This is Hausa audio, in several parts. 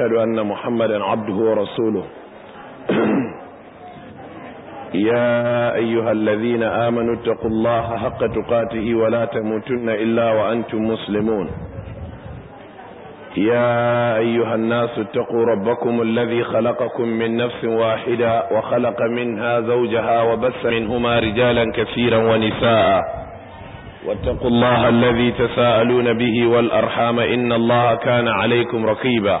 أشهد ان محمدا عبده ورسوله يا ايها الذين امنوا اتقوا الله حق تقاته ولا تموتن الا وانتم مسلمون يا ايها الناس اتقوا ربكم الذي خلقكم من نفس واحده وخلق منها زوجها وبث منهما رجالا كثيرا ونساء واتقوا الله الذي تساءلون به والأرحام إن الله كان عليكم رقيبا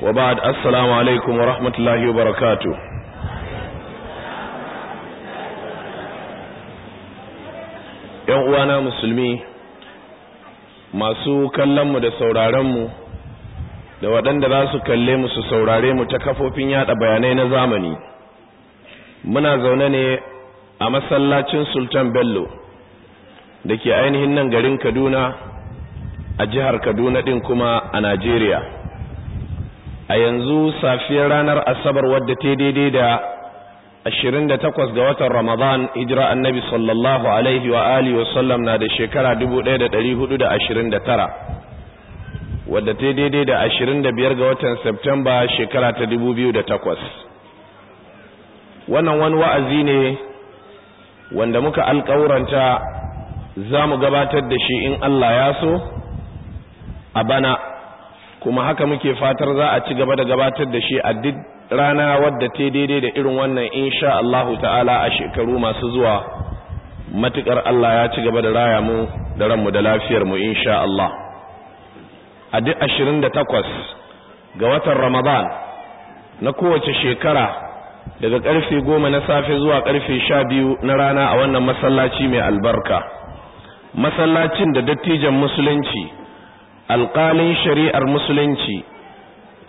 wa ba'ad assalamu alaikum wa rahmatullahi wa barakatuh yan uwana musulmi masu kallon mu da mu da waɗanda za su kalle mu su saurare mu ta kafofin yada bayanai na zamani muna zaune ne a masallacin sultan bello da ke ainihin nan garin kaduna a jihar kaduna ɗin kuma a najeriya a yanzu safiyar ranar asabar wadda ta daidai da 28 ga watan ramadan hijira annabi sallallahu alaihi wa alihi wasallam na da shekara 1429 wadda ta daidai da 25 ga watan septemba shekara ta 2008 wannan wani wa'azi ne wanda muka alkawuranta za mu gabatar da shi in Allah ya so a bana kuma haka muke fatar za a ci gaba da gabatar da shi a duk rana wadda ta daidai da irin wannan insha Allah ta'ala a shekaru masu zuwa matukar Allah ya ci gaba da raya mu da ranmu da lafiyar mu insha Allah a duk 28 ga watan Ramadan na kowace shekara daga karfe 10 na safe zuwa karfe 12 na rana a wannan masallaci mai albarka masallacin da dattijan musulunci alƙalin shari'ar musulunci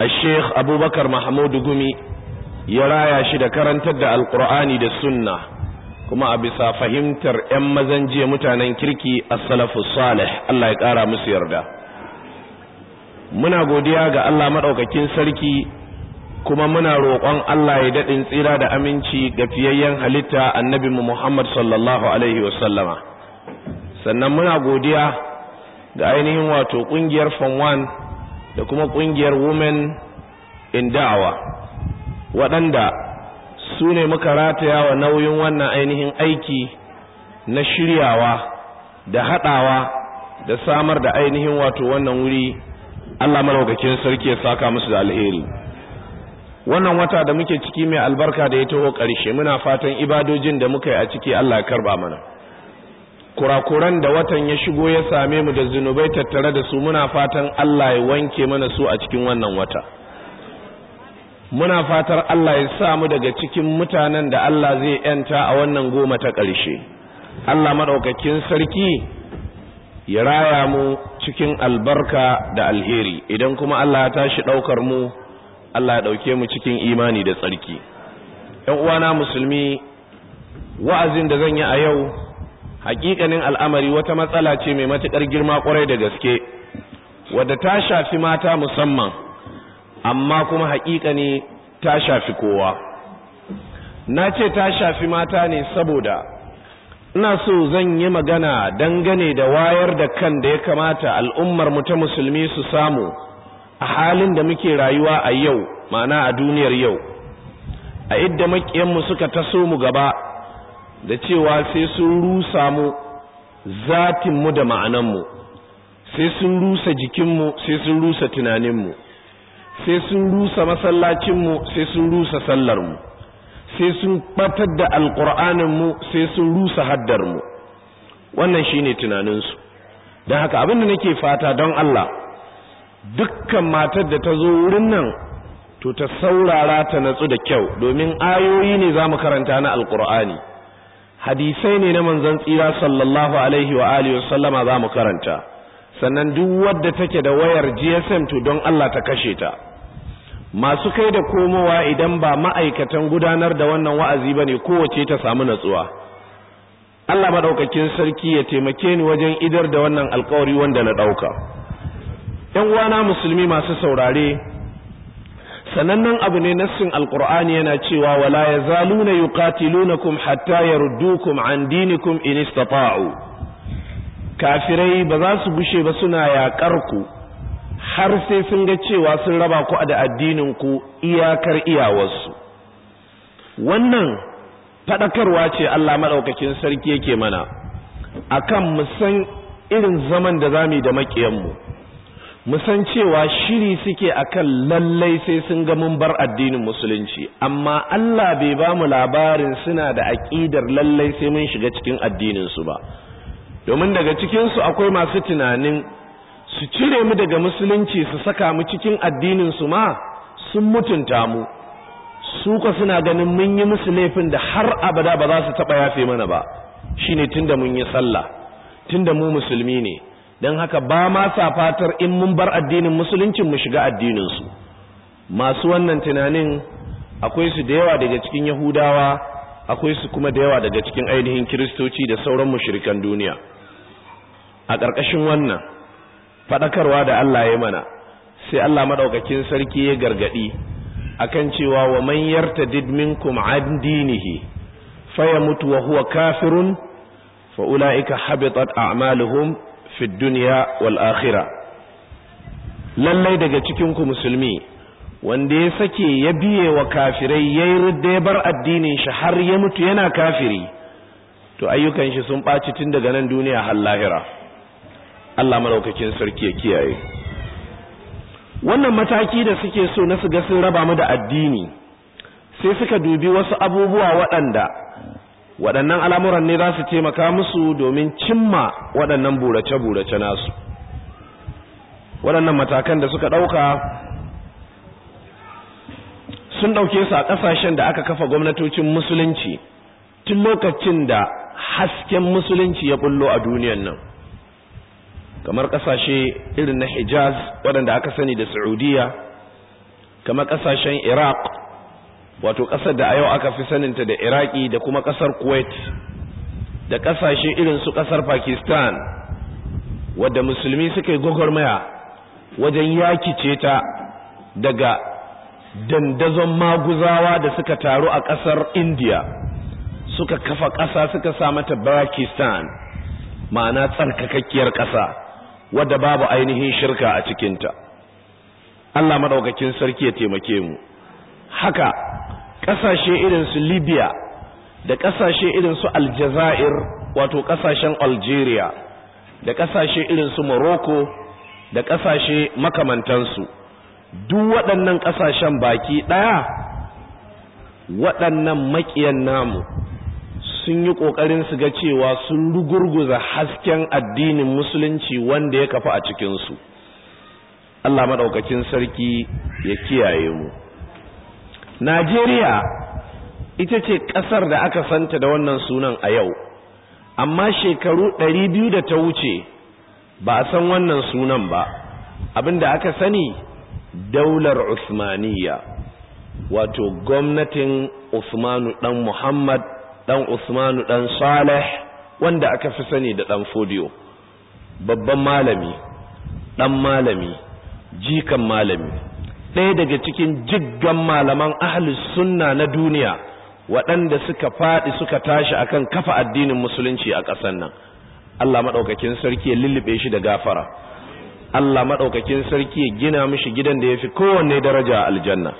a sheikh abubakar mahamudu gumi ya raya shi da karantar da alƙur'ani da sunna kuma a bisa fahimtar 'yan mazan jiya mutanen kirki a salafu salih allah ya ƙara musu yarda muna godiya ga allah maɗaukakin sarki kuma muna roƙon allah ya daɗin tsira da aminci ga fiyayyen halitta annabinmu muhammad sallallahu alaihi wasallama sannan muna godiya ga ainihin wato kungiyar fan wan da kuma kungiyar women in da'awa waɗanda su ne muka rataya wa nauyin wannan ainihin aiki na shiryawa da haɗawa da samar da ainihin wato wannan wuri Allah maraukakin sarki ya saka musu da alheri wannan wata da muke ciki mai albarka da ya taho ƙarshe muna fatan ibadojin da muka yi a ciki Allah ya karba mana kurakuran da watan ya shigo ya same mu da zunubai tattare da su muna fatan Allah ya wanke mana su a cikin wannan wata muna fatar Allah ya sa mu daga cikin mutanen da Allah zai yanta a wannan goma ta ƙarshe Allah madaukakin sarki ya raya mu cikin albarka da alheri idan kuma Allah ya tashi ɗaukar mu Allah ya dauke mu cikin imani da tsarki ƴan uwana musulmi wa'azin da zan yi a yau Haƙiƙanin al'amari wata matsala ce mai matukar girma kwarai da gaske wadda ta shafi mata musamman amma kuma hakikani ta shafi kowa na ce ta shafi mata ne saboda ina so zan yi magana dangane da wayar da kan da ya kamata al'ummar mu ta musulmi su samu a halin da muke rayuwa a yau ma'ana a duniyar yau a idda makiyanmu suka taso mu gaba da cewa sai sun rusa mu zatinmu da ma'ananmu sai sun rusa jikinmu sai sun rusa tunaninmu sai sun rusa masallacinmu sai sun rusa sallarmu sai sun batar da alƙur'aninmu sai sun rusa haddar mu. wannan shine tunaninsu don haka abin da nake fata don Allah dukkan matar da ta zo wurin nan to ta saurara ta natsu da kyau domin ayoyi ne za mu karanta na alƙur'ani hadisai ne na manzon tsira sallallahu alaihi wa alihi sallama za mu karanta sannan duk wadda take da wayar GSM to don Allah ta kashe ta masu kai da komowa idan ba ma'aikatan gudanar da wannan wa'azi ba ne kowace ta samu natsuwa Allah maɗaukakin sarki ya taimake ni wajen idar da wannan alkawari wanda na ɗauka. ƴan uwana musulmi masu saurare sanannen abu ne nassin alqur'ani yana cewa wala yazaluna yuqatilunakum hatta ruddukum, an dinikum in istata'u kafirai ba za su gushe ba suna yaƙar ku har sai sun ga cewa sun raba ku da addinin ku iyakar iyawarsu wannan faɗakarwa ce Allah madaukakin sarki yake mana akan mu san irin zaman da zamu da makiyan mu musan cewa shiri suke akan lallai sai sun ga mun bar addinin musulunci amma Allah bai ba mu labarin suna da aƙidar lallai sai mun shiga cikin addinin su ba domin daga cikin su akwai masu tunanin su cire mu daga musulunci su saka mu cikin addinin su ma sun mutunta mu su ko suna ganin mun yi musu laifin da har abada ba za su taba yafe mana ba shine tunda mun yi sallah tunda mu musulmi ne don haka ba ma sa fatar in mun bar addinin musuluncin mu shiga addininsu masu wannan tunanin akwai su da yawa daga cikin yahudawa akwai su kuma da yawa daga cikin ainihin kiristoci da sauran mushrikan duniya a ƙarƙashin wannan faɗakarwa da Allah ya mana sai Allah maɗaukakin sarki ya gargaɗi akan cewa wa man yartadid minkum an dinihi faya mutu wa huwa kafirun fa ulaika habitat a'maluhum fi duniya wal akhira lallai daga cikin ku musulmi wanda ya sake ya biye wa kafirai yayi da ya bar addinin shi har ya mutu yana kafiri to ayyukan shi sun ɓaci tun daga nan duniya har lahira Allah malaukakin sarki ya kiyaye wannan mataki da suke so na su ga sun raba mu da addini sai suka dubi wasu abubuwa waɗanda waɗannan al'amuran ne za su taimaka musu domin cimma waɗannan burace-burace nasu waɗannan matakan da suka ɗauka sun ɗauke su a ƙasashen da aka kafa gwamnatocin musulunci tun lokacin da hasken musulunci ya ɓullo a duniyan nan kamar ƙasashe irin na hijaz waɗanda aka sani da saudiya kamar ƙasashen iraq wato ƙasar da a yau aka fi saninta da iraki da kuma ƙasar kuwait da ƙasashe irin su ƙasar pakistan wadda musulmi suka yi gwagwarmaya wajen yakice ta daga dandazon maguzawa da suka taru a ƙasar india suka kafa ƙasa suka sa mata pakistan ma'ana tsarkakakkiyar ƙasa wadda babu ainihin shirka a cikinta Allah maɗaukakin sarki ya taimake mu haka ƙasashe irin su libya da ƙasashe irin su aljazair wato ƙasashen algeria da ƙasashe irin su morocco da ƙasashe makamantansu duk waɗannan ƙasashen baki ɗaya waɗannan maƙiyan namu sun yi ƙoƙarin su ga cewa sun rugurguza hasken addinin musulunci wanda ya kafa a cikinsu Allah maɗaukacin sarki ya kiyaye mu Najeriya ita ce ƙasar da aka santa da wannan sunan a yau amma shekaru ɗari biyu da ta wuce ba a san wannan sunan ba Abin da aka sani daular Usmaniyya wato gwamnatin usmanu ɗan muhammad ɗan usmanu ɗan saleh wanda aka fi sani da ɗan fodiyo babban malami ɗan malami jikan malami ɗaya daga cikin jiggan malaman ahli sunna na duniya waɗanda suka faɗi suka tashi akan kafa addinin musulunci a ƙasar nan Allah maɗaukakin sarki ya lullube shi da gafara Allah maɗaukakin sarki ya gina mishi gidan da ya fi kowanne daraja a aljanna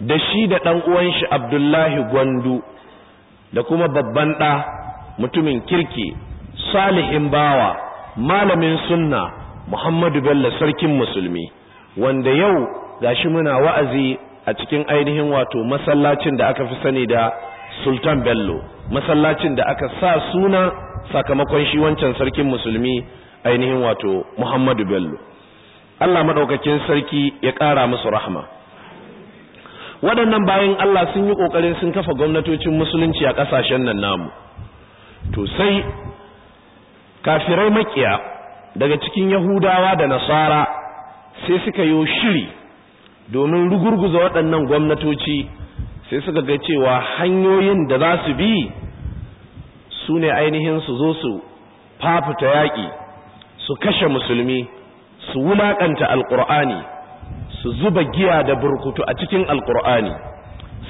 da shi da ɗan uwan shi Abdullahi Gwandu da kuma babban ɗa mutumin kirki salihin bawa malamin sunna Muhammadu Bello sarkin musulmi wanda yau gashi muna wa'azi a cikin ainihin wato masallacin da aka fi sani da Sultan Bello masallacin da aka sa suna sakamakon shi wancan sarkin musulmi ainihin wato Muhammadu Bello Allah madaukakin sarki ya ƙara musu rahma waɗannan bayan Allah sun yi ƙoƙarin sun kafa gwamnatocin musulunci a ƙasashen nan namu to sai kafirai makiya daga cikin Yahudawa da Nasara sai suka yi shiri domin rugurguza waɗannan gwamnatoci sai suka ga cewa hanyoyin da za su bi su ne ainihin su zo su fafuta yaƙi su kashe musulmi su wulaƙanta alƙur'ani su zuba giya da burkutu a cikin alƙur'ani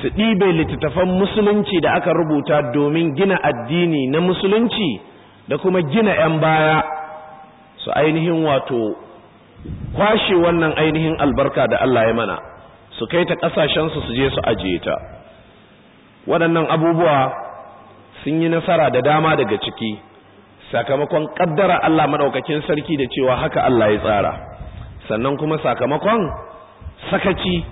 su ɗibe littattafan musulunci da aka rubuta domin gina addini na musulunci da kuma gina 'yan baya su ainihin wato kwashe wannan ainihin albarka da Allah ya mana su kai ta ƙasashensu su su je su ajiye ta waɗannan abubuwa sun yi nasara da dama daga ciki sakamakon ƙaddara Allah maɗaukakin sarki da cewa haka Allah ya tsara sannan kuma sakamakon sakaci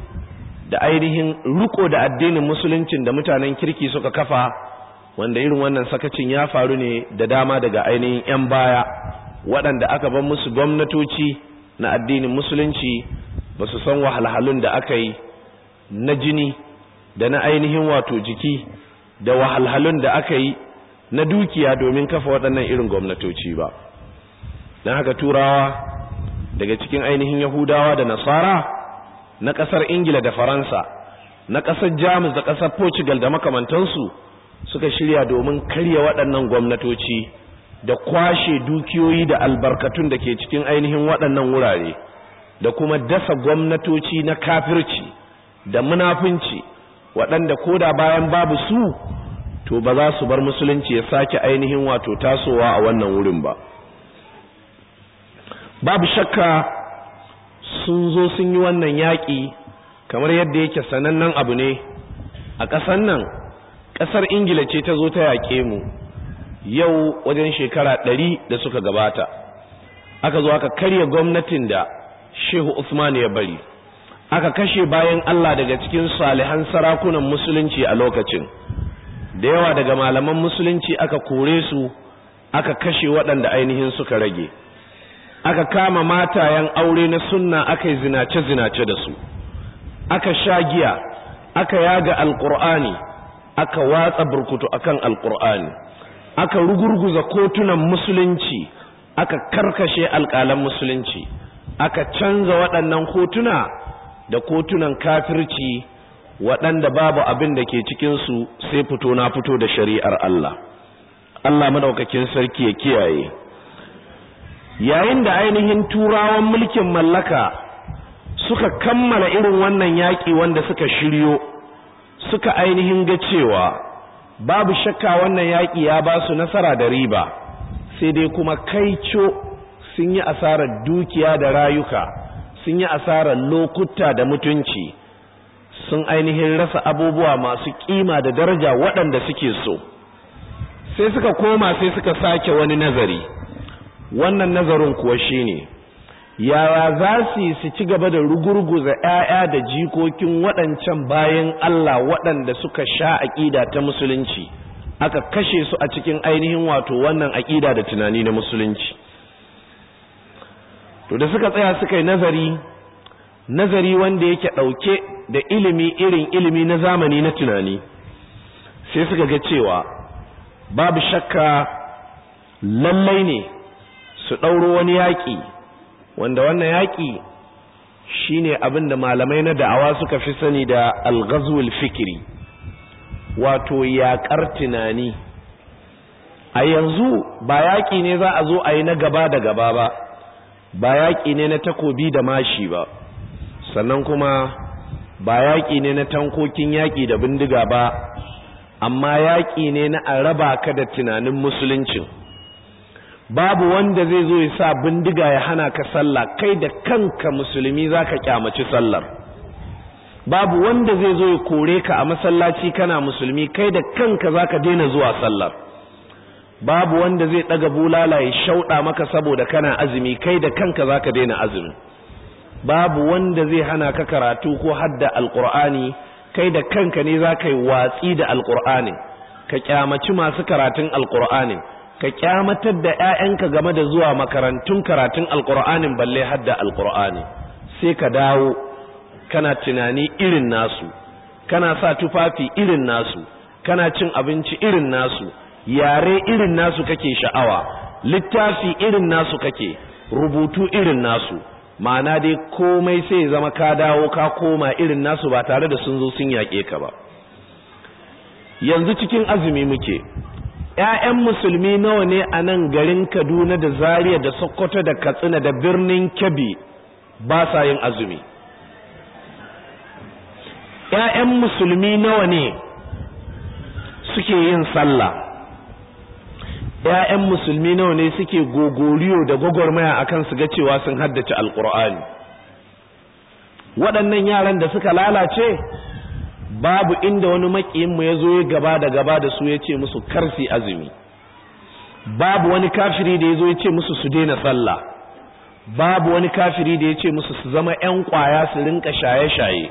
da ainihin riko da addinin musuluncin da mutanen kirki suka kafa wanda irin wannan sakacin ya faru ne da dama daga ainihin 'yan baya waɗanda aka ban musu gwamnatoci na addinin musulunci ba su san wahalhalun da aka yi na jini da na ainihin wato jiki da wahalhalun da aka yi na dukiya domin kafa waɗannan irin gwamnatoci ba don haka turawa daga cikin ainihin yahudawa da nasara na ƙasar ingila da faransa na ƙasar jamus da ƙasar portugal da makamantansu suka shirya domin karya waɗannan gwamnatoci da kwashe dukiyoyi da albarkatun da ke cikin ainihin waɗannan wurare da kuma dasa gwamnatoci na kafirci da munafunci waɗanda koda bayan babu su to ba za su bar musulunci ya sake ainihin wato tasowa a wannan wurin ba babu shakka sun zo sun yi wannan yaƙi kamar yadda yake sanannen abu ne a ƙasar nan ƙasar ingila ce ta zo ta yaƙe mu yau wajen shekara ɗari da suka gabata aka zo aka karya gwamnatin da shehu usman ya bari aka kashe bayan allah daga cikin salihan sarakunan musulunci a lokacin da yawa daga malaman musulunci aka kore su aka kashe waɗanda ainihin suka rage aka kama matayen aure na sunna aka yi zinace-zinace da su aka sha giya aka yaga alƙur'ani aka watsa burkutu akan Alkur'ani. aka rugurguza kotunan musulunci aka karkashe alƙalan musulunci aka canza waɗannan kotuna da kotunan kafirci waɗanda babu abin da ke cikinsu sai fito na fito da shari'ar Allah Allah madaukakin sarki ya kiyaye yayin da ainihin turawan mulkin mallaka suka kammala irin wannan yaƙi wanda suka shiryo suka ainihin ga cewa babu shakka wannan yaƙi ya ba su nasara da riba sai dai kuma kaico sun yi asarar dukiya da rayuka sun yi asarar lokuta da mutunci sun ainihin rasa abubuwa masu kima da daraja waɗanda suke so sai suka koma sai suka sake wani nazari wannan nazarin kuwa ne. yawa za su yi su ci gaba da rugurguza 'ya'ya da jikokin waɗancan bayan Allah waɗanda suka sha aƙida ta musulunci aka kashe su a cikin ainihin wato wannan aƙida da tunani na musulunci to da suka tsaya suka yi nazari nazari wanda yake ɗauke da ilimi irin ilimi na zamani na tunani sai suka ga cewa babu shakka lallai ne su ɗauro wani yaƙi wanda wannan yaƙi shine abin da malamai na da'awa suka fi sani da algazul fikiri wato yaƙar tunani a yanzu ba yaƙi ne za a zo a yi na gaba da gaba ba ba yaƙi ne na takobi da mashi ba sannan kuma ba yaƙi ne na tankokin yaƙi da bindiga ba amma yaƙi ne na a raba ka da tunanin musuluncin babu wanda zai zo ya sa bindiga ya hana ka sallah kai da kanka musulmi za ka kyamaci sallar babu wanda zai zo ya kore ka a masallaci kana musulmi kai da kanka za ka daina zuwa sallar babu wanda zai ɗaga bulala ya shauɗa maka saboda kana azumi kai da kanka za ka daina azumi babu wanda zai hana ka karatu ko hadda alqur'ani kai da kanka ne za ka yi watsi da alqur'anin ka kyamaci masu karatun alqur'anin ka kyamatar da ‘ya'yanka game da zuwa makarantun karatun alƙur'anin balle hadda alƙur'ani sai ka dawo kana tunani irin nasu kana sa tufafi irin nasu kana cin abinci irin nasu yare irin nasu kake sha'awa littafi irin nasu kake rubutu irin nasu ma'ana dai komai sai zama ka dawo ka koma irin nasu ba tare da sun zo sun yaƙe ka ba yanzu cikin azumi muke ‘ya'yan musulmi nawa ne a nan garin kaduna da zariya da sokoto da katsina da birnin kebbi ba sa yin azumi ‘ya'yan musulmi nawa ne suke yin sallah ‘ya'yan musulmi nawa ne suke gogoriyo da gwagwarmaya akan su ga cewa sun haddace alƙur'ani waɗannan yaran da suka lalace babu inda wani makiyinmu ya zo ya gaba da gaba da su ya ce musu karfi azumi babu wani kafiri da ya zo ya ce musu su daina sallah babu wani kafiri da ya ce musu su zama 'yan kwaya su rinka shaye-shaye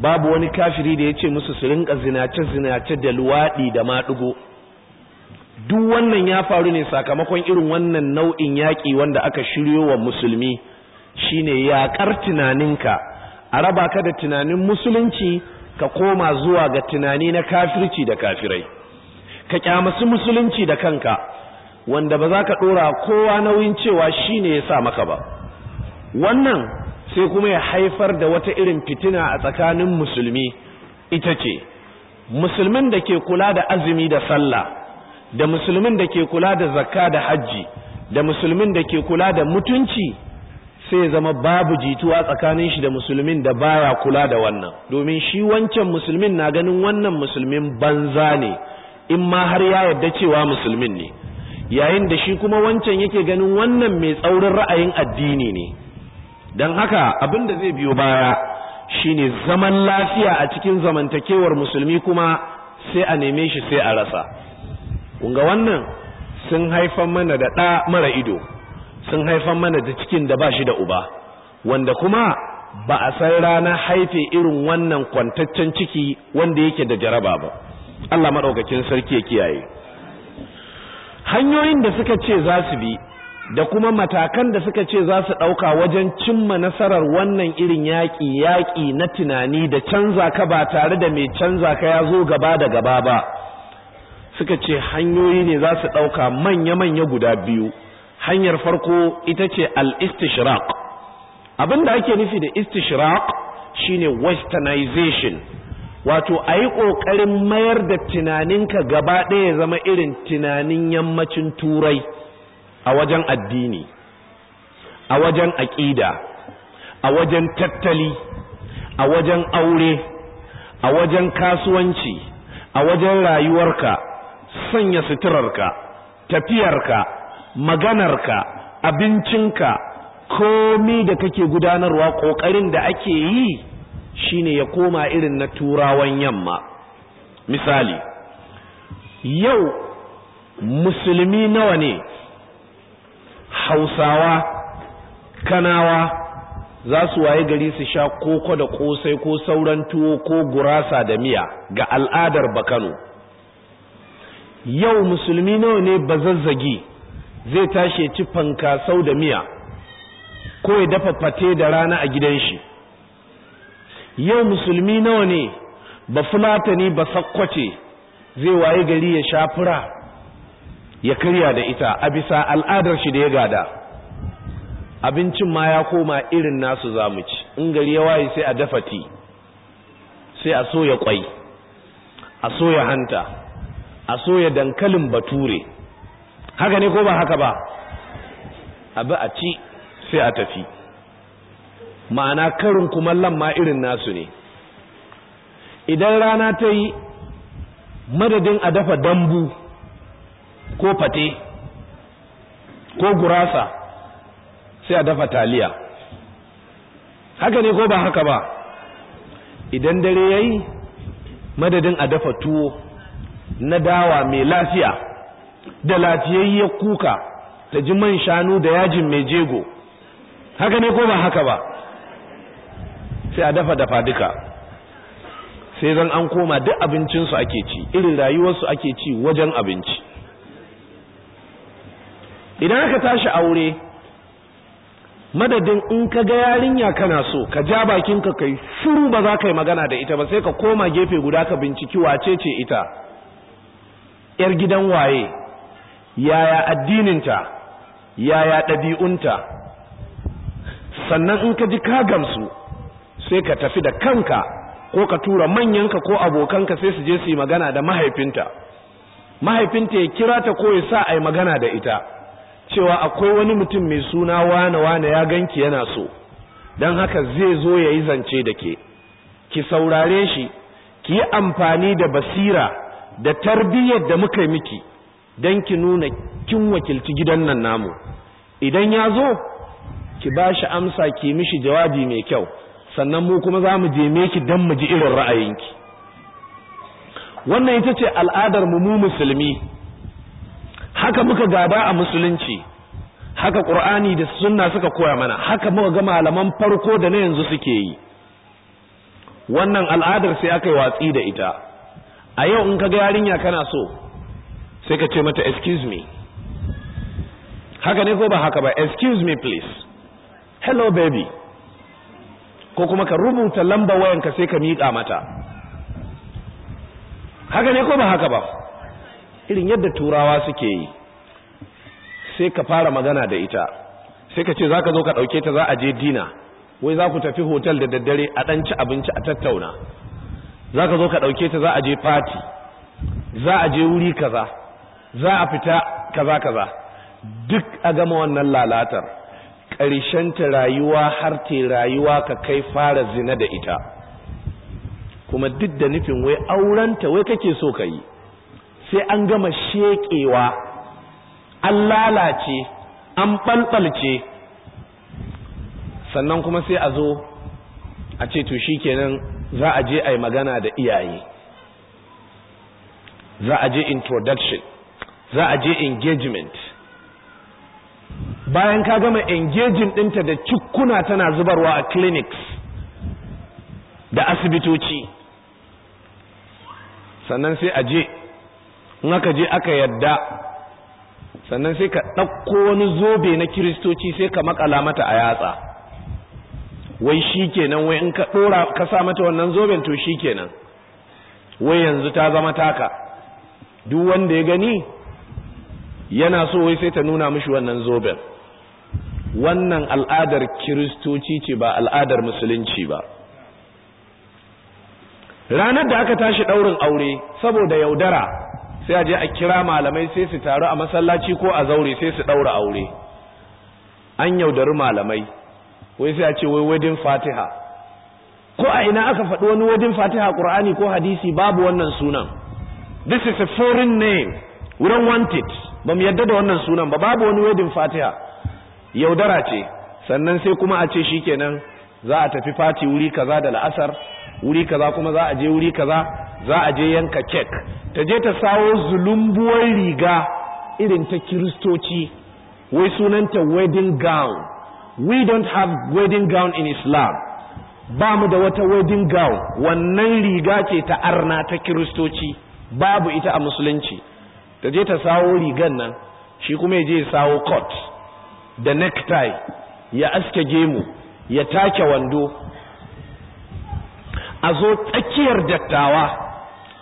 babu wani kafiri da ya ce musu su rinka zinace-zinace da luwaɗi da maɗugo duk wannan ya faru ne sakamakon irin wannan nau'in yaƙi wanda aka shiryo wa musulmi shine yaƙar tunaninka a raba ka da tunanin musulunci ka koma zuwa ga tunani na kafirci da kafirai ka kyamasu musulunci da kanka wanda ba za ka ɗora kowa nauyin cewa shi ne ya sa maka ba wannan sai kuma ya haifar da wata irin fitina a tsakanin musulmi ita ce musulmin da ke kula da azumi da sallah da musulmin da ke kula da zakka da hajji da musulmin da ke kula da mutunci sai zama babu jituwa tsakanin shi da musulmin da baya kula da wannan domin shi wancan musulmin na ganin wannan musulmin banza ne in ma har ya yarda cewa musulmin ne yayin da shi kuma wancan yake ganin wannan mai tsaurin ra'ayin addini ne don haka abin da zai biyo baya shine zaman lafiya a cikin zamantakewar musulmi kuma sai a neme shi sai a rasa kunga wannan sun haifan mana da ɗa mara ido sun haifan mana da cikin da ba shi da uba wanda kuma ba a san rana haife irin wannan kwantaccen ciki wanda yake da jaraba ba Allah maɗaukakin sarki ya kiyaye hanyoyin da suka ce za su bi da kuma matakan da suka ce za su ɗauka wajen cimma nasarar wannan irin yaƙi yaƙi na tunani da canza ka ba tare da mai canza ka ya zo gaba da gaba ba suka ce hanyoyi ne za su ɗauka manya-manya guda biyu hanyar farko ita ce al abinda abin da ake nufi da shi shine westernization wato a yi ƙoƙarin mayar da tunaninka gaba ɗaya zama irin tunanin yammacin turai a wajen addini a wajen aƙida a wajen tattali a wajen aure a wajen kasuwanci a wajen rayuwarka sanya suturarka tafiyarka maganarka abincinka komi da kake gudanarwa ƙoƙarin da ake yi shine ya koma irin na turawan yamma misali yau musulmi nawa ne hausawa kanawa za su waye gari su sha koko da kosai ko sauran tuwo ko gurasa da miya ga al'adar bakano yau musulmi nawa ne bazazzagi zai tashi ya fanka sau da miya ko ya dafa fate da rana a gidan shi yau musulmi nawa ne ba fulatani ba sakkwace zai waye gari ya shafura ya karya da ita a bisa al'adar shi da ya gada abincin ma ya koma irin nasu zamu ci in gari ya waye sai a dafa ti sai a soya kwai a soya hanta a soya dankalin bature haka ne ko ba haka ba abu a ci sai a tafi ma'ana karin kuma lamma irin nasu ne idan rana ta yi madadin a dafa dambu ko fate ko gurasa sai a dafa taliya haka ne ko ba haka ba idan dare ya yi madadin a dafa tuwo na dawa mai lafiya da lafiyayye kuka da ji man shanu da yajin mai jego haka ne ko ba haka ba sai a dafa dafa duka sai zan an koma duk abincinsu ake ci irin rayuwarsu ake ci wajen abinci idan aka tashi aure madadin in ka ga yarinya kana so ka ja bakinka kai shiru ba za ka yi magana da ita ba sai ka koma gefe guda ka binciki wace ce ita yar gidan waye yaya addininta yaya ɗabi'unta sannan in ka ji ka gamsu sai ka tafi da kanka ko ka tura manyanka ko abokanka sai su je su yi magana da mahaifinta mahaifinta ya kira ta ko ya sa a magana da ita cewa akwai wani mutum mai suna wane wane ya ganki yana so don haka zai zo ya yi zance da ke ki saurare shi ki yi amfani da basira da tarbiyyar da muka yi miki don ki nuna kin wakilci gidan nan namu idan ya zo ki ba shi amsa ki mishi jawabi mai kyau sannan mu kuma za mu je ki don mu ji irin ra'ayinki wannan ita ce al'adar mu mu musulmi haka muka gaba a musulunci haka ƙur'ani da sunna suka koya mana haka muka ga malaman farko da na yanzu suke yi wannan al'adar sai aka yi watsi da ita a yau in ka ga yarinya kana so sai ka ce mata excuse me haka ne ko ba haka ba excuse me please hello baby ko kuma ka rubuta lamba wayanka sai ka miƙa mata haka ne ko ba haka ba irin yadda turawa suke yi sai ka fara magana da ita sai ka ce za ka zo ka ɗauke ta za a je dina wai za ku tafi hotel da daddare a ɗan ci abinci a tattauna za ka zo ka ɗauke ta za a je fati za a je wuri kaza za a fita kaza kaza duk a gama wannan lalatar ƙarshen ta rayuwa har ta rayuwa ka kai fara zina da ita kuma duk da nufin wai aurenta wai kake so ka yi sai an gama sheƙewa an lalace an ɓalɓalce sannan kuma sai a zo a ce to shi kenan za a je a yi magana da iyaye za a je introduction za a je engagement bayan ka gama engaging dinta da cikuna tana zubarwa a clinics da asibitoci sannan sai a je in aka je aka yadda sannan sai ka ɗauko wani zobe na kiristoci sai ka makala mata a yatsa wai shi kenan wai in ka ɗora ka sa mata wannan zoben to shi kenan wai yanzu ta zama taka duk wanda ya gani yana so wai sai ta nuna mishi wannan zoben wannan al'adar kiristoci ce ba al'adar musulunci ba ranar da aka tashi ɗaurin aure saboda yaudara sai aje a kira malamai sai su taru a masallaci ko a zaure sai su ɗaura aure an yaudari malamai wai sai a ce wai wedding fatiha ko a ina aka faɗi wani wadin fatiha ƙur'ani ko hadisi babu wannan sunan this is a foreign name we don't want it ba mu yadda da wannan sunan ba babu wani wedin fatiha yaudara ce sannan sai kuma a ce shi kenan za a tafi fati wuri kaza da la'asar wuri kaza kuma za a je wuri kaza za a je yanka kek ta je ta sawo zulumbuwar riga irin ta kiristoci wai sunanta wedding gown we don't have wedding gown in islam ba mu da wata wedding gown wannan riga ce ta arna ta kiristoci babu ita a musulunci ta je ta sawo rigan nan shi kuma ya je ya sawo coat da necktie ya aske gemu ya take wando a zo tsakiyar dattawa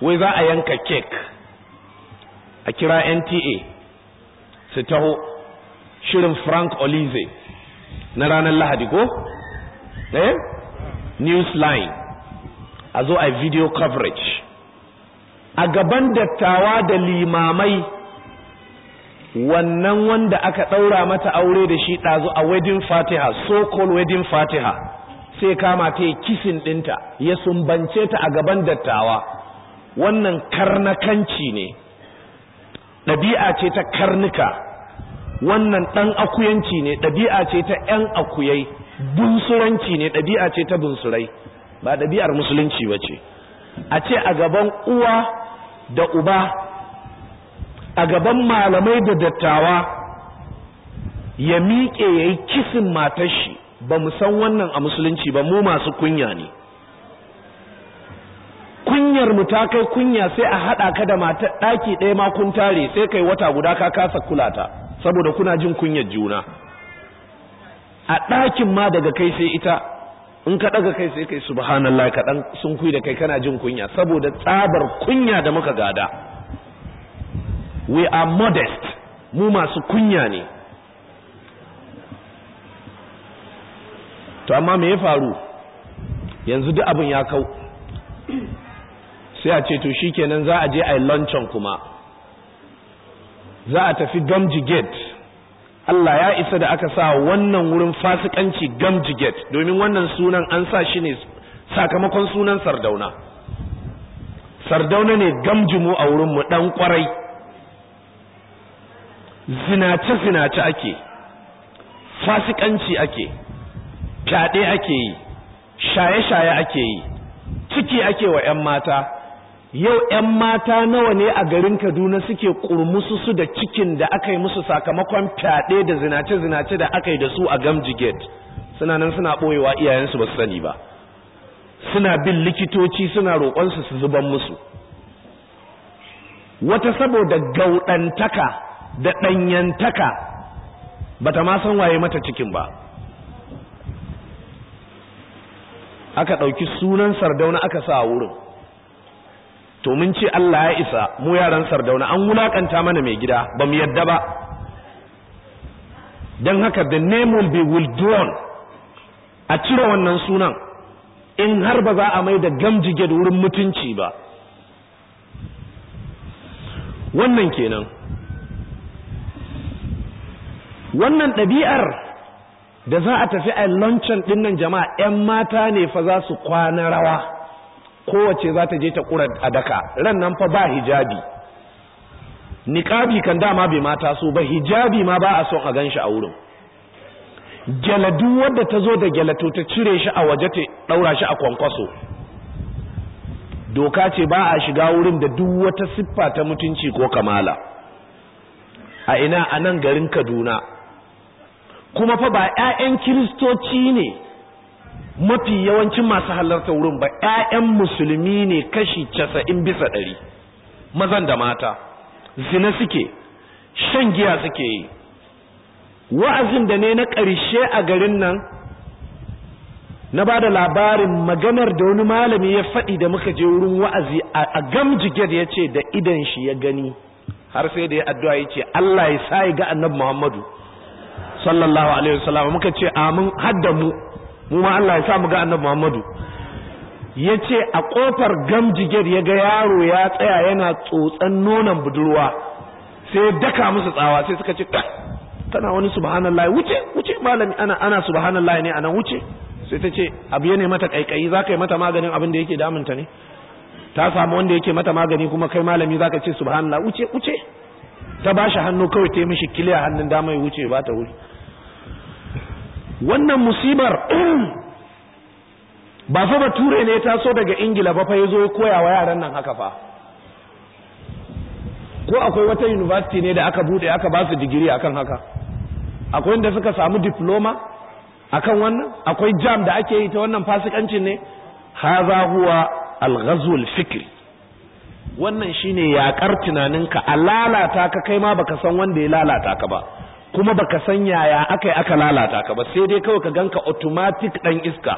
wai za a yanka kek a kira nta su taho shirin frank olize na ranar lahadi ko? eh? news line a zo a video coverage a gaban dattawa da limamai wannan wanda aka ɗaura mata aure da shi ɗazu a wedding fatiha so called wedding fatiha sai kama ta yi kisin ɗinta ya sumbance ta a gaban dattawa wannan karnakanci ne ɗabi'a ce ta karnuka wannan ɗan akuyanci ne ɗabi'a ce ta ‘yan akuyai bunsuranci ne ɗabi'a ce ta bunsurai ba ɗabi'ar musulunci ba ce a ce a gaban uwa da uba a gaban malamai da dattawa ya miƙe ya yi kisin matar shi ba mu san wannan a musulunci ba mu masu kunya ne kunyar mu ta kai kunya sai a haɗa ka da matar ɗaki ɗaya ma kun tare sai kai wata guda ka kasa kulata saboda kuna jin kunyar juna a ɗakin ma daga kai sai ita in ka daga kai sai kai subhanallah ka dan sun kui da kai kana jin kunya saboda tsabar kunya da muka gada we are modest mu masu kunya ne to amma me ya faru yanzu duk abin ya kau sai a ce to shikenan za a je a yi kuma za a tafi gamji gate Allah ya isa da aka sa wannan wurin fasikanci gamjiget domin wannan sunan an sa shi ne sakamakon sunan sardauna sardauna ne gamjimu a wurinmu ɗan ƙwarai zinace-zinace ake fasikanci ake fyaɗe ake yi shaye-shaye ake yi ciki ake wa ‘yan mata yau 'yan mata nawa ne a garin kaduna suke su da cikin da aka yi musu sakamakon fyaɗe da zinace-zinace da aka yi da su a gamji gate suna nan suna ɓoyewa iyayensu ba su sani ba suna bin likitoci suna roƙonsu su zuban musu wata saboda gauɗantaka da ɗanyantaka bata ma san waye mata cikin ba aka ɗauki sunan sardauna aka sa wurin to mun ce Allah ya isa mu yaran sardauna an wulakanta mana mai gida ba mu yadda ba don haka the name will be withdrawn a cire wannan sunan in har ba za a mai da gamjige da wurin mutunci ba wannan kenan wannan ɗabi'ar da za a tafi a luncheon ɗinnan jama'a 'yan mata ne fa za su kwana rawa kowace za ta je ta ƙura a daka ran nan fa ba hijabi niƙabi kan dama bai mata so ba hijabi ma ba a son a gan shi a wurin gyaladu wadda ta zo da gyalato ta cire shi a waje ta ɗaura shi a kwankwaso doka ce ba a shiga wurin da duk wata siffa ta mutunci ko kamala a ina a nan garin kaduna kuma fa ba 'ya'yan kiristoci ne mafi yawancin masu halarta wurin ba 'ya'yan musulmi ne kashi casa'in bisa ɗari mazan da mata zina suke shan giya suke yi wa'azin da ne na ƙarshe a garin nan na ba da labarin maganar da wani malami ya faɗi da muka je wurin wa'azi a da ya ce da idan shi ya gani har sai da ya addu'a ya ce Allah ya sa ga annabi Muhammadu sallallahu alaihi wasallam muka ce amin hadda mu mu ma Allah ya sa mu ga annabi Muhammadu ya ce a ƙofar gamjigir ya ga yaro ya tsaya yana tsotsan nonon budurwa sai ya daka musu tsawa sai suka ce tana wani subhanallah wuce wuce malami ana ana subhanallah ne ana wuce sai ta ce abu ya ne mata kaikayi za ka yi mata maganin abin da yake damunta ne ta samu wanda yake mata magani kuma kai malami za ka ce subhanallah wuce wuce ta ba shi hannu kawai ta yi mishi kiliya hannun damai wuce ba ta wuri wannan musibar ba fa bature ne ta so daga ingila ba fa ya zo koya wa yaran nan haka fa ko akwai wata university ne da aka bude aka basu su digiri akan haka akwai inda suka samu diploma akan wannan akwai jam da ake yi ta wannan fasikancin ne haza huwa al fikri wannan shine yakar tunaninka a lalata ka kai ma baka san wanda ya lalata ka ba kuma baka san yaya aka aka lalata ka ba sai dai kawai ka ganka automatic dan iska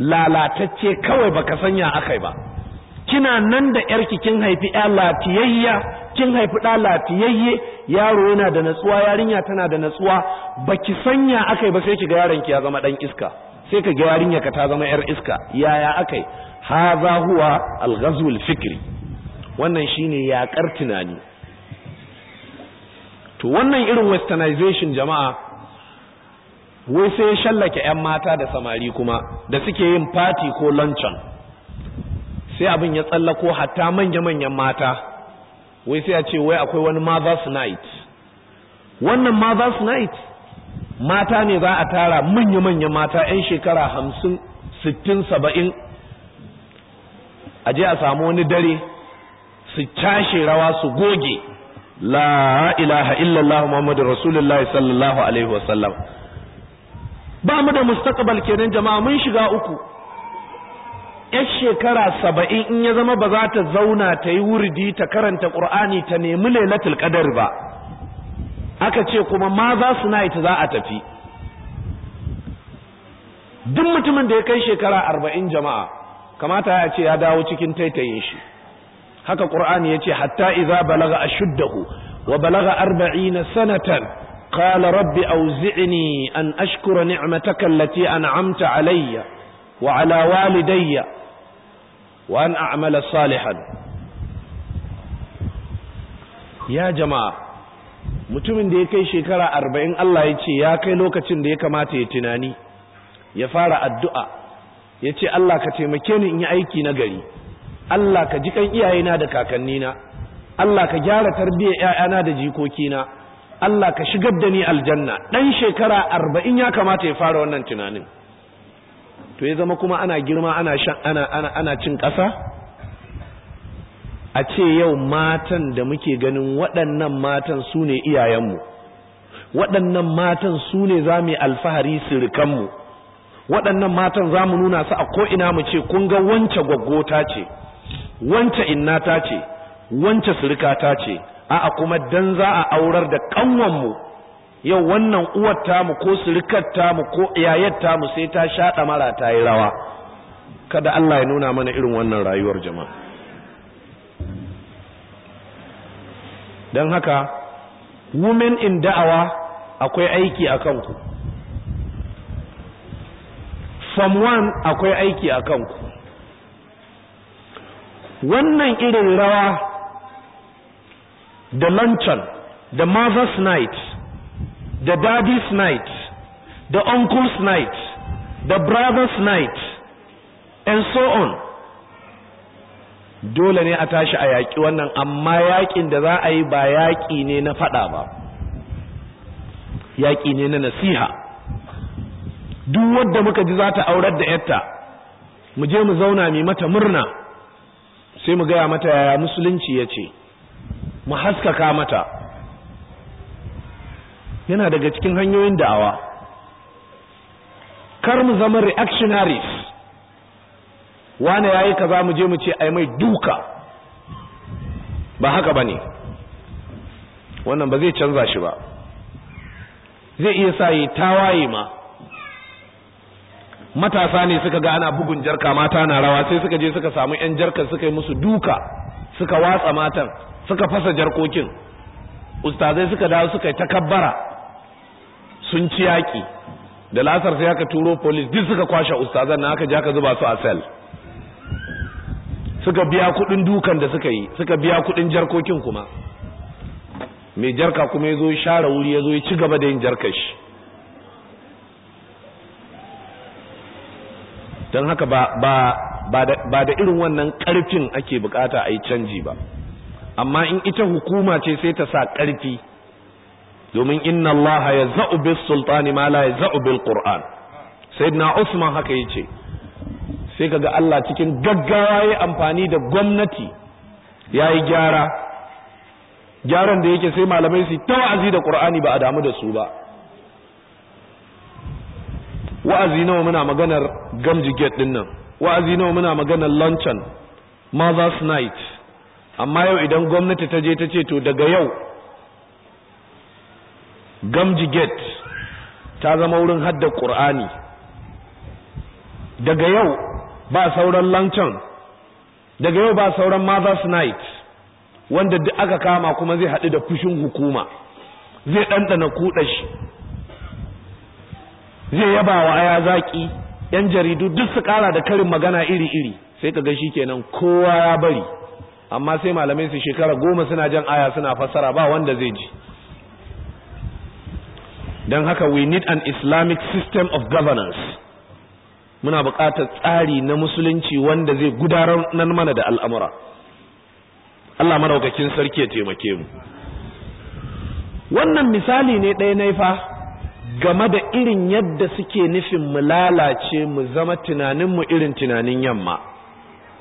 lalatacce kawai baka san ya akai ba kina nan da yarki kin haifi ya lafiyayya kin haifi ɗa lafiyayye yaro yana da natsuwa yarinya tana da natsuwa baki sanya akai ba sai kiga yaron ki ya zama dan iska sai ka ga yarinya ka ta zama yar iska yaya akai hadha huwa al fikri wannan shine yaƙar tunani to wannan irin westernization jama'a wai sai ya shallake 'yan mata da samari kuma da suke yin fati ko luncheon sai abin ya tsallako hatta manya-manyan mata wai sai a ce wai akwai wani mother's night wannan mother's night mata ne za a tara manya-manyan mata 'yan shekara hamsin sittin saba'in a je a samu wani dare su cashe rawa su goge la ilaha illallah muhammadur rasulullahi sallallahu alaihi wasallam ba mu da mustaqbal kenan jama'a mun shiga uku yar shekara saba'in in ya zama ba za ta zauna ta yi wuridi ta karanta ƙur'ani ta nemi lailatul qadar ba aka ce kuma ma za su na ita za a tafi duk mutumin da ya kai shekara arba'in jama'a kamata ya ce ya dawo cikin taitayin shi haka qur'ani yace hatta idza balaga ashuddahu wa balaga 40 sanatan qala rabbi awzi'ni an ashkura ni'mataka allati an'amta alayya wa ala walidayya wa an a'mala salihan ya jama'a mutumin da yake shekara 40 Allah yace ya kai lokacin da ya kamata ya tunani ya fara addu'a yace Allah ka taimake ni in yi aiki na gari Allah ka ji kan iyayena da kakannina Allah ka gyara tarbiyyar ƴaƴana da jikokina Allah ka shigar da ni aljanna dan shekara arba'in ya kamata ya fara wannan tunanin to ya zama kuma ana girma ana shan ana ana ana cin ƙasa a ce yau matan da muke ganin waɗannan matan su ne iyayenmu waɗannan matan su ne za mu yi alfahari sirikanmu waɗannan matan za mu nuna su a ko'ina mu ce kun ga wance gwaggota ce wance inna ta ce wance surika ta ce a'a kuma dan za a aurar da kanwan mu yau wannan uwar tamu ko surikar mu ko yayar tamu sai ta shaɗa mara ta yi rawa kada Allah ya nuna mana irin wannan rayuwar jama'a don haka women in da'awa akwai aiki a kanku from one akwai aiki a kanku wannan irin rawa da luncheon da mother's night da daddy's night da uncle's night da brother's night and so on dole ne a tashi a yaƙi wannan amma yaƙin da za a yi ba yaƙi ne na faɗa ba yaƙi ne na nasiha duk wadda muka ji za ta aurar da 'yatta mu je mu zauna mai mata murna sai mu gaya mata yaya musulunci ya ce mu haskaka mata yana daga cikin hanyoyin da'awa kar mu zama reactionaries wane ya yayi kaza mu je mu ce ai mai duka ba haka ba ne wannan ba zai canza shi ba zai iya sa yi tawaye ma matasa ne suka ga ana bugun jarka mata na rawa sai suka je suka samu yan jarkar suka yi musu duka suka watsa matan suka fasa jarkokin ustazai suka dawo suka yi takabbara sun ci yaƙi da lasar sai aka turo polis duk suka kwashe ustazan na aka je aka zuba su a sel suka biya kuɗin dukan da suka yi suka biya kuɗin jarkokin kuma mai jarka kuma ya zo share wuri ya zo ya ci gaba da yin jarkar shi don haka ba da irin wannan karfin ake bukata a yi canji ba amma in ita hukuma ce sai ta sa karfi domin inna allaha ya za'ubi sultani ma la ya za'ubi bil sai na usman haka ce, sai ka ga Allah cikin gaggawa ya amfani da gwamnati ya yi gyara gyaran da yake sai malamai su ta wa'azi da ƙur'ani ba a damu da su ba wa'azi nawa muna maganar gamji gate din nan wa'azi nawa muna maganar luncheon mother's night amma yau idan gwamnati ta je ta ce to daga yau gamji gate ta zama wurin hadda qur'ani daga yau ba sauran luncheon daga yau ba sauran mother's night wanda duk aka kama kuma zai haɗu da fushin hukuma zai ɗanɗana kuɗa shi zai yaba wa aya zaki yan jaridu duk su kara da karin magana iri-iri sai ka ga kenan kowa ya bari amma sai malamai su shekara goma suna jan aya suna fassara ba wanda zai ji don haka we need an islamic system of governance muna buƙatar tsari na musulunci wanda zai gudanar nan mana da al'amura Allah maraukakin sarki ya taimake mu wannan misali ne ɗaya na fa game da irin yadda suke nufin mu lalace mu zama tunaninmu irin tunanin yamma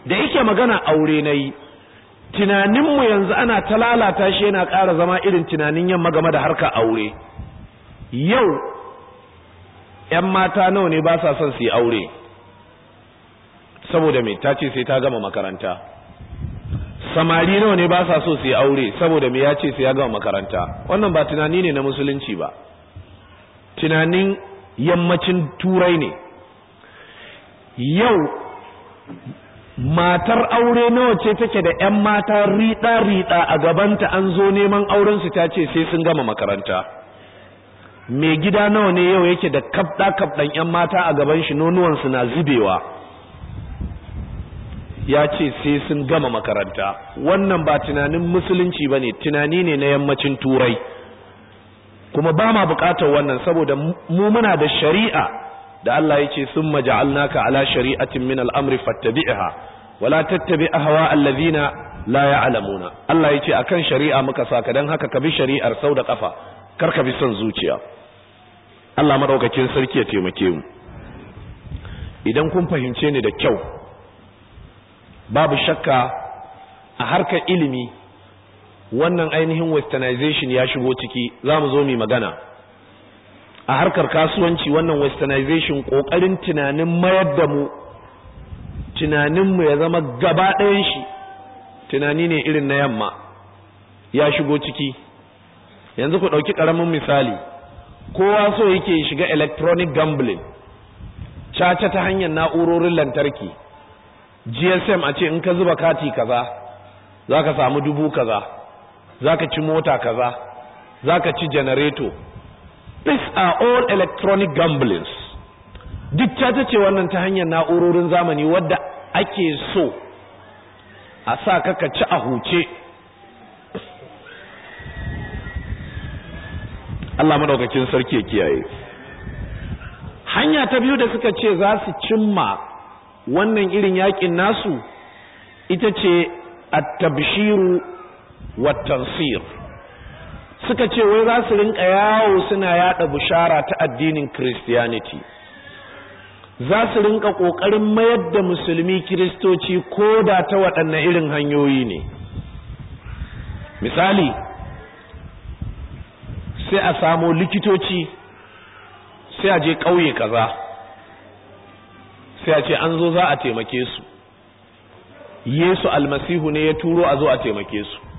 da yake magana aure na yi tunaninmu yanzu ana ta lalata shi yana ƙara zama irin tunanin yamma game da harka aure yau 'yan mata nawa ne ba sa son su yi aure saboda me ta ce sai ta gama makaranta samari nawa ne ba sa so su yi aure saboda me ya ce sai ya gama makaranta wannan ba tunani ne na musulunci ba tunanin yammacin turai ne yau matar aure nawa ce take da 'yan mata riɗa-riɗa a gabanta an zo neman aurensu ta ce sai sun gama makaranta mai gida nawa ne yau yake da kafɗa-kafɗan 'yan mata a gaban shi nonuwansu na zubewa ya ce sai sun gama makaranta wannan ba tunanin musulunci ba ne tunani ne na yammacin turai kuma ba ma bukatar wannan saboda mu muna da shari'a da Allah ce sun maja'alnaka ala shari'atin min al'amri amri fattabi'ha wala tattabi hawa alladhina la ya'lamuna Allah ce akan shari'a muka saka dan haka ka bi shari'ar sau da kafa kar ka bi son zuciya Allah madaukakin sarki ya taimake mu idan kun fahimce ni da kyau babu shakka a harkar ilimi wannan ainihin westernization ya shigo ciki za mu zo mu magana a harkar kasuwanci wannan westernization kokarin tunanin mayar da mu tunaninmu ya zama gaba ɗayan shi tunani ne irin na yamma ya shigo ciki yanzu ku ɗauki ƙaramin misali kowa so yake shiga electronic gambling caca ta hanyar na'urorin lantarki gsm a ce in ka zuba kati kaza za ka samu dubu kaza zaka ci mota kaza zaka ci janareto these are all electronic gamblings duk ta tace wannan ta hanyar na'urorin zamani wadda ake so a sa ka ci a huce Allah madaukakin sarki ya kiyaye hanya ta biyu da suka ce za su cimma wannan irin yakin nasu ita ce at-tabshiru wattansir suka ce wai za su rinka yawo suna yada bushara ta addinin christianity za su rinka kokarin mayar da musulmi kiristoci ko da ta waɗanne irin hanyoyi ne misali sai a samo likitoci sai a je ƙauye kaza sai a ce an zo za a taimake su yesu almasihu ne ya turo a zo a taimake su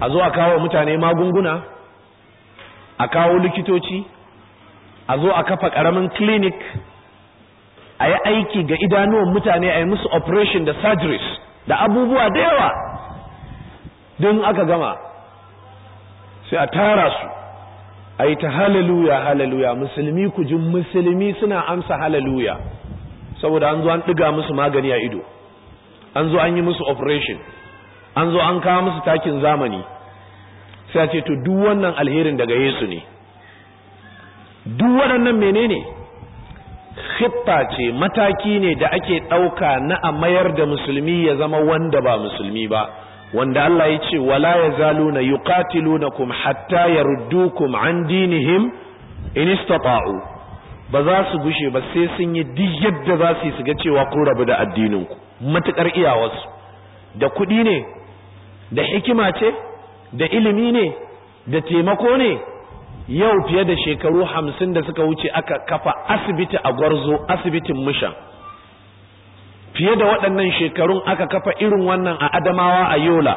a zo a kawo mutane magunguna a kawo likitoci a zo a kafa ƙaramin clinic a yi aiki ga idanuwan mutane a yi musu operation da surgeries da abubuwa da yawa don aka gama sai a tara su a yi ta halaluya halaluya musulmi ku ji musulmi suna amsa halaluya saboda an zo an ɗiga musu magani a ido an zo an yi musu operation an zo an kawo musu takin zamani sai ce to duk wannan alherin daga Yesu ne duk waɗannan menene khitta ce mataki ne da ake ɗauka na a mayar da musulmi ya zama wanda ba musulmi ba wanda Allah ya ce wala yazaluna yuqatilunakum hatta yaruddukum an dinihim in istata'u ba za su gushe ba sai sun yi duk yadda za su yi su ga cewa kun rabu da addininku matukar iyawarsu da kuɗi ne da hikima ce da ilimi ne da taimako ne yau fiye da shekaru hamsin da suka wuce aka kafa asibiti a gwarzo asibitin mushan fiye da waɗannan shekarun aka kafa irin wannan a adamawa a yola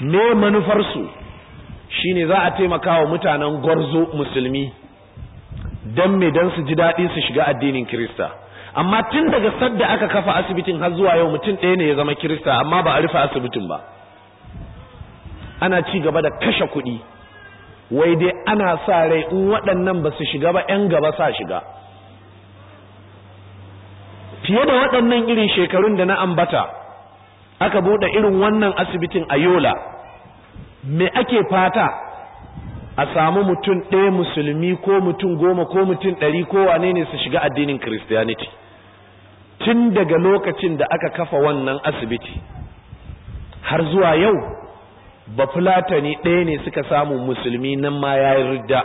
ne manufarsu shi ne za a taimaka wa mutanen gwarzo musulmi don me don su ji daɗi su shiga addinin kirista amma tun daga sadda aka kafa asibitin har zuwa yau mutum ɗaya ne ya zama kirista amma ba a rufe asibitin ba ana ci gaba da kashe kuɗi wai dai ana sa rai in waɗannan ba su shiga ba 'yan gaba sa shiga fiye da waɗannan irin shekarun da na ambata aka buɗe irin wannan asibitin a yola me ake fata a samu mutum ɗaya musulmi ko mutum goma ko mutum ɗari ko wane ne su shiga addinin kiristiyaniti tun daga lokacin da aka kafa wannan asibiti har zuwa yau ba fulatani ɗaya ne suka samu musulmi nan ma ya yi rida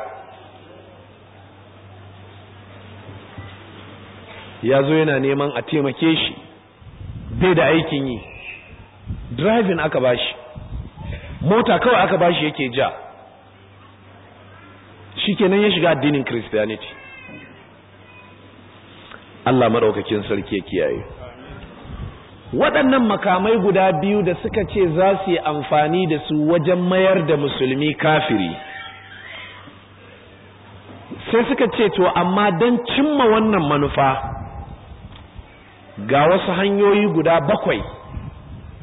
ya zo yana neman a taimake shi bai da aikin yi drivin aka bashi mota kawai aka bashi yake ja shi kenan ya shiga addinin christianity Allah maɗaukakin sarki ya kiyaye waɗannan makamai guda biyu da suka ce za su yi amfani da su wajen mayar da musulmi kafiri sai suka ce to amma don cimma wannan manufa ga wasu hanyoyi guda bakwai